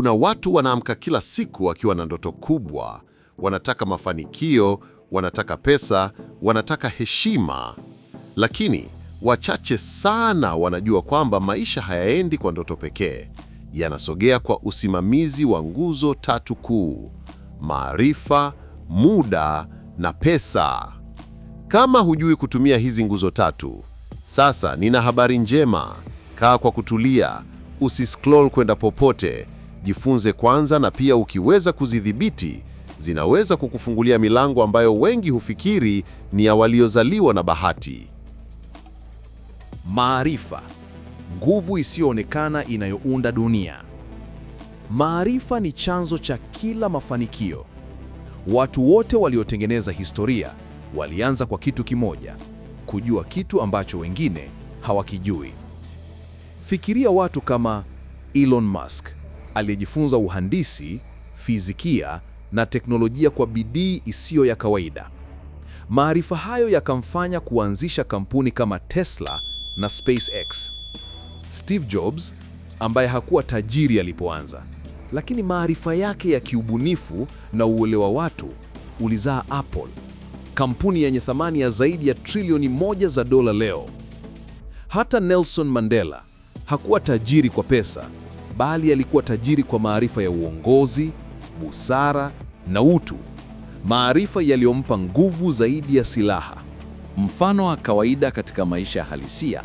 Kuna watu wanaamka kila siku wakiwa na ndoto kubwa, wanataka mafanikio, wanataka pesa, wanataka heshima, lakini wachache sana wanajua kwamba maisha hayaendi kwa ndoto pekee, yanasogea kwa usimamizi wa nguzo tatu kuu: maarifa, muda na pesa. Kama hujui kutumia hizi nguzo tatu, sasa nina habari njema. Kaa kwa kutulia, usiscroll kwenda popote jifunze kwanza, na pia ukiweza kuzidhibiti zinaweza kukufungulia milango ambayo wengi hufikiri ni ya waliozaliwa na bahati. Maarifa, nguvu isiyoonekana inayounda dunia. Maarifa ni chanzo cha kila mafanikio. Watu wote waliotengeneza historia walianza kwa kitu kimoja, kujua kitu ambacho wengine hawakijui. Fikiria watu kama Elon Musk aliyejifunza uhandisi, fizikia na teknolojia kwa bidii isiyo ya kawaida. Maarifa hayo yakamfanya kuanzisha kampuni kama Tesla na SpaceX. Steve Jobs, ambaye hakuwa tajiri alipoanza, lakini maarifa yake ya kiubunifu na uelewa watu ulizaa Apple, kampuni yenye thamani ya zaidi ya trilioni moja za dola leo. Hata Nelson Mandela hakuwa tajiri kwa pesa, bali alikuwa tajiri kwa maarifa ya uongozi, busara na utu, maarifa yaliyompa nguvu zaidi ya silaha. Mfano wa kawaida katika maisha halisia,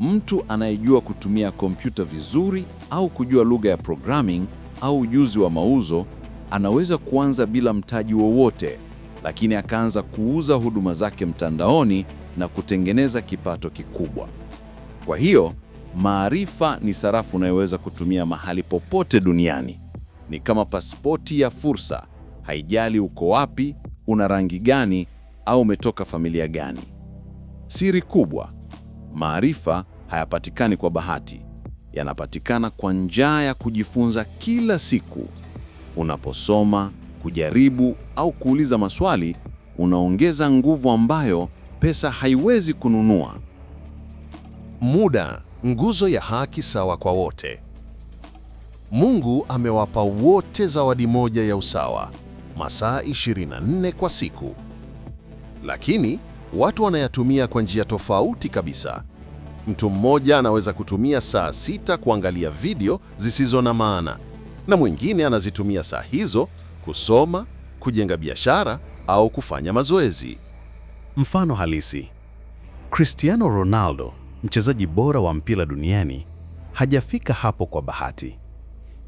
mtu anayejua kutumia kompyuta vizuri au kujua lugha ya programming au ujuzi wa mauzo anaweza kuanza bila mtaji wowote, lakini akaanza kuuza huduma zake mtandaoni na kutengeneza kipato kikubwa. Kwa hiyo Maarifa ni sarafu unayoweza kutumia mahali popote duniani. Ni kama pasipoti ya fursa, haijali uko wapi, una rangi gani, au umetoka familia gani. Siri kubwa: maarifa hayapatikani kwa bahati, yanapatikana kwa njaa ya kujifunza kila siku. Unaposoma, kujaribu au kuuliza maswali, unaongeza nguvu ambayo pesa haiwezi kununua. Muda Nguzo ya haki sawa kwa wote. Mungu amewapa wote zawadi moja ya usawa, masaa 24 kwa siku, lakini watu wanayatumia kwa njia tofauti kabisa. Mtu mmoja anaweza kutumia saa sita kuangalia video zisizo na maana, na mwingine anazitumia saa hizo kusoma, kujenga biashara au kufanya mazoezi. Mfano halisi: Cristiano Ronaldo mchezaji bora wa mpira duniani hajafika hapo kwa bahati.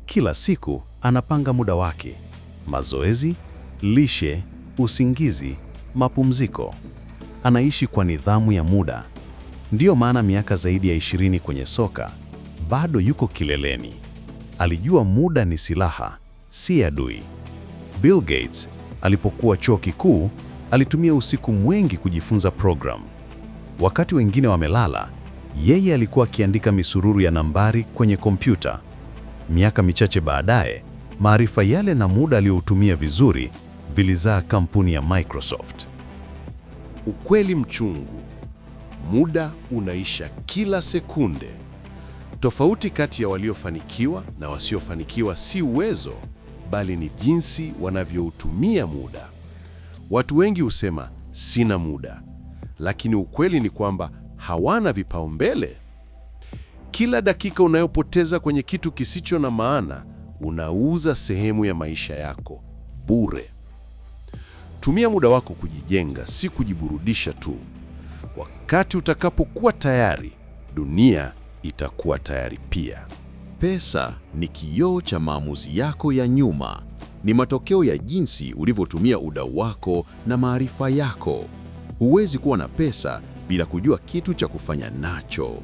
Kila siku anapanga muda wake: mazoezi, lishe, usingizi, mapumziko. Anaishi kwa nidhamu ya muda. Ndiyo maana miaka zaidi ya ishirini kwenye soka bado yuko kileleni. Alijua muda ni silaha, si adui. Bill Gates alipokuwa chuo kikuu alitumia usiku mwingi kujifunza program. Wakati wengine wamelala, yeye alikuwa akiandika misururu ya nambari kwenye kompyuta. Miaka michache baadaye, maarifa yale na muda aliyoutumia vizuri vilizaa kampuni ya Microsoft. Ukweli mchungu, muda unaisha kila sekunde. Tofauti kati ya waliofanikiwa na wasiofanikiwa si uwezo, bali ni jinsi wanavyoutumia muda. Watu wengi husema sina muda, lakini ukweli ni kwamba hawana vipaumbele. Kila dakika unayopoteza kwenye kitu kisicho na maana, unauza sehemu ya maisha yako bure. Tumia muda wako kujijenga, si kujiburudisha tu. Wakati utakapokuwa tayari, dunia itakuwa tayari pia. Pesa ni kioo cha maamuzi yako ya nyuma, ni matokeo ya jinsi ulivyotumia udau wako na maarifa yako. Huwezi kuwa na pesa bila kujua kitu cha kufanya nacho.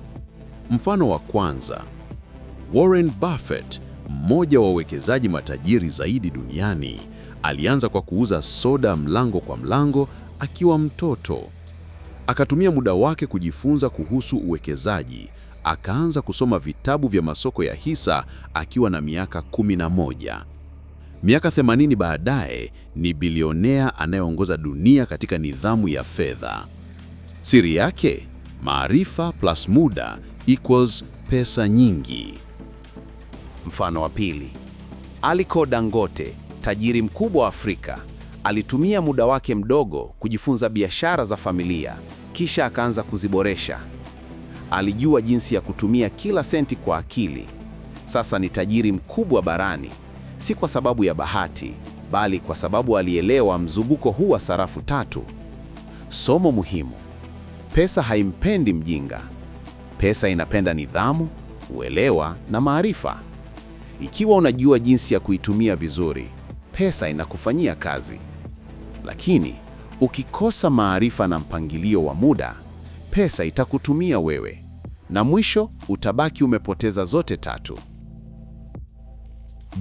Mfano wa kwanza, Warren Buffett, mmoja wa wawekezaji matajiri zaidi duniani, alianza kwa kuuza soda mlango kwa mlango akiwa mtoto. Akatumia muda wake kujifunza kuhusu uwekezaji, akaanza kusoma vitabu vya masoko ya hisa akiwa na miaka 11. Miaka 80 baadaye ni bilionea anayeongoza dunia katika nidhamu ya fedha. Siri yake maarifa plus muda equals pesa nyingi. Mfano wa pili, Aliko Dangote, tajiri mkubwa wa Afrika, alitumia muda wake mdogo kujifunza biashara za familia, kisha akaanza kuziboresha. Alijua jinsi ya kutumia kila senti kwa akili. Sasa ni tajiri mkubwa barani, si kwa sababu ya bahati, bali kwa sababu alielewa mzunguko huu wa sarafu tatu. Somo muhimu: Pesa haimpendi mjinga. Pesa inapenda nidhamu, uelewa na maarifa. Ikiwa unajua jinsi ya kuitumia vizuri, pesa inakufanyia kazi. Lakini ukikosa maarifa na mpangilio wa muda, pesa itakutumia wewe, na mwisho utabaki umepoteza zote tatu.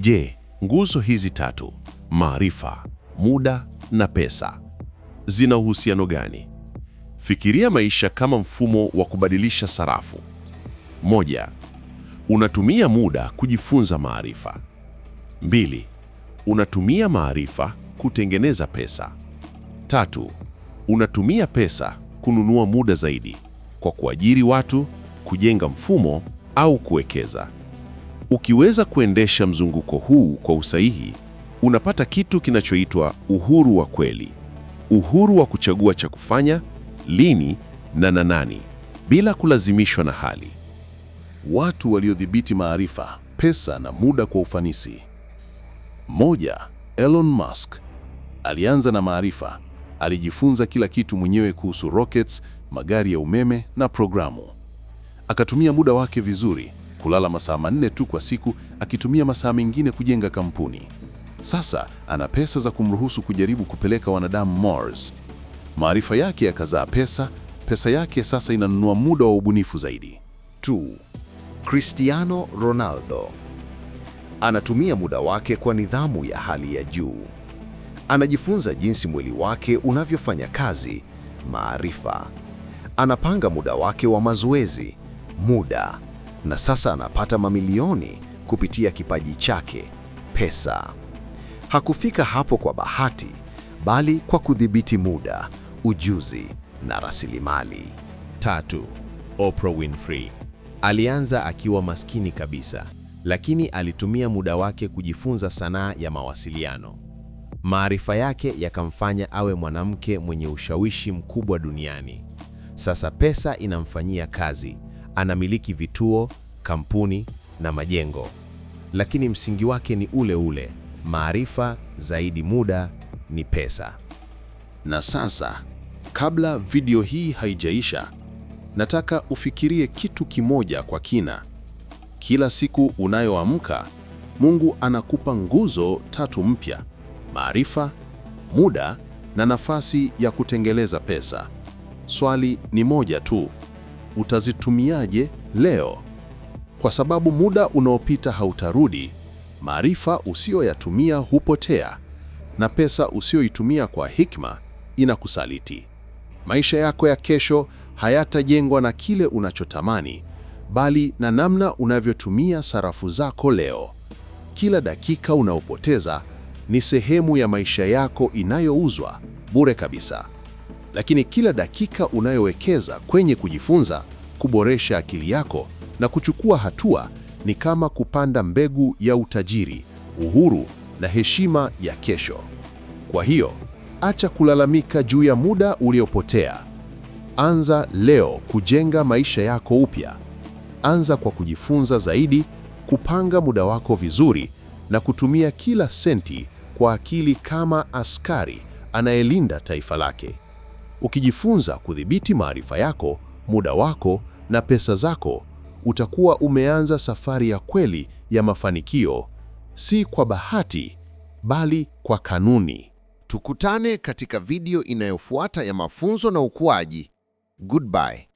Je, nguzo hizi tatu, maarifa, muda na pesa, zina uhusiano gani? Fikiria maisha kama mfumo wa kubadilisha sarafu. Moja, unatumia muda kujifunza maarifa. Mbili, unatumia maarifa kutengeneza pesa. Tatu, unatumia pesa kununua muda zaidi kwa kuajiri watu, kujenga mfumo au kuwekeza. Ukiweza kuendesha mzunguko huu kwa usahihi, unapata kitu kinachoitwa uhuru wa kweli, uhuru wa kuchagua cha kufanya lini na na nani, bila kulazimishwa na hali. Watu waliodhibiti maarifa, pesa na muda kwa ufanisi. Moja, Elon Musk alianza na maarifa. Alijifunza kila kitu mwenyewe kuhusu rockets, magari ya umeme na programu. Akatumia muda wake vizuri, kulala masaa manne tu kwa siku, akitumia masaa mengine kujenga kampuni. Sasa ana pesa za kumruhusu kujaribu kupeleka wanadamu Mars. Maarifa yake yakazaa pesa, pesa yake sasa inanunua muda wa ubunifu zaidi. Tu, Cristiano Ronaldo anatumia muda wake kwa nidhamu ya hali ya juu. Anajifunza jinsi mwili wake unavyofanya kazi, maarifa. Anapanga muda wake wa mazoezi, muda, na sasa anapata mamilioni kupitia kipaji chake, pesa. Hakufika hapo kwa bahati, bali kwa kudhibiti muda ujuzi na rasilimali. Tatu, Oprah Winfrey alianza akiwa maskini kabisa, lakini alitumia muda wake kujifunza sanaa ya mawasiliano. Maarifa yake yakamfanya awe mwanamke mwenye ushawishi mkubwa duniani. Sasa pesa inamfanyia kazi, anamiliki vituo, kampuni na majengo, lakini msingi wake ni ule ule: maarifa zaidi muda ni pesa. Na sasa Kabla video hii haijaisha, nataka ufikirie kitu kimoja kwa kina. Kila siku unayoamka, Mungu anakupa nguzo tatu mpya: maarifa, muda na nafasi ya kutengeleza pesa. Swali ni moja tu, utazitumiaje leo? Kwa sababu muda unaopita hautarudi, maarifa usiyoyatumia hupotea, na pesa usiyoitumia kwa hikma inakusaliti. Maisha yako ya kesho hayatajengwa na kile unachotamani, bali na namna unavyotumia sarafu zako leo. Kila dakika unaopoteza ni sehemu ya maisha yako inayouzwa bure kabisa. Lakini kila dakika unayowekeza kwenye kujifunza, kuboresha akili yako na kuchukua hatua ni kama kupanda mbegu ya utajiri, uhuru na heshima ya kesho. Kwa hiyo Acha kulalamika juu ya muda uliopotea. Anza leo kujenga maisha yako upya. Anza kwa kujifunza zaidi, kupanga muda wako vizuri na kutumia kila senti kwa akili kama askari anayelinda taifa lake. Ukijifunza kudhibiti maarifa yako, muda wako na pesa zako, utakuwa umeanza safari ya kweli ya mafanikio, si kwa bahati, bali kwa kanuni. Tukutane katika video inayofuata ya mafunzo na ukuaji. Goodbye.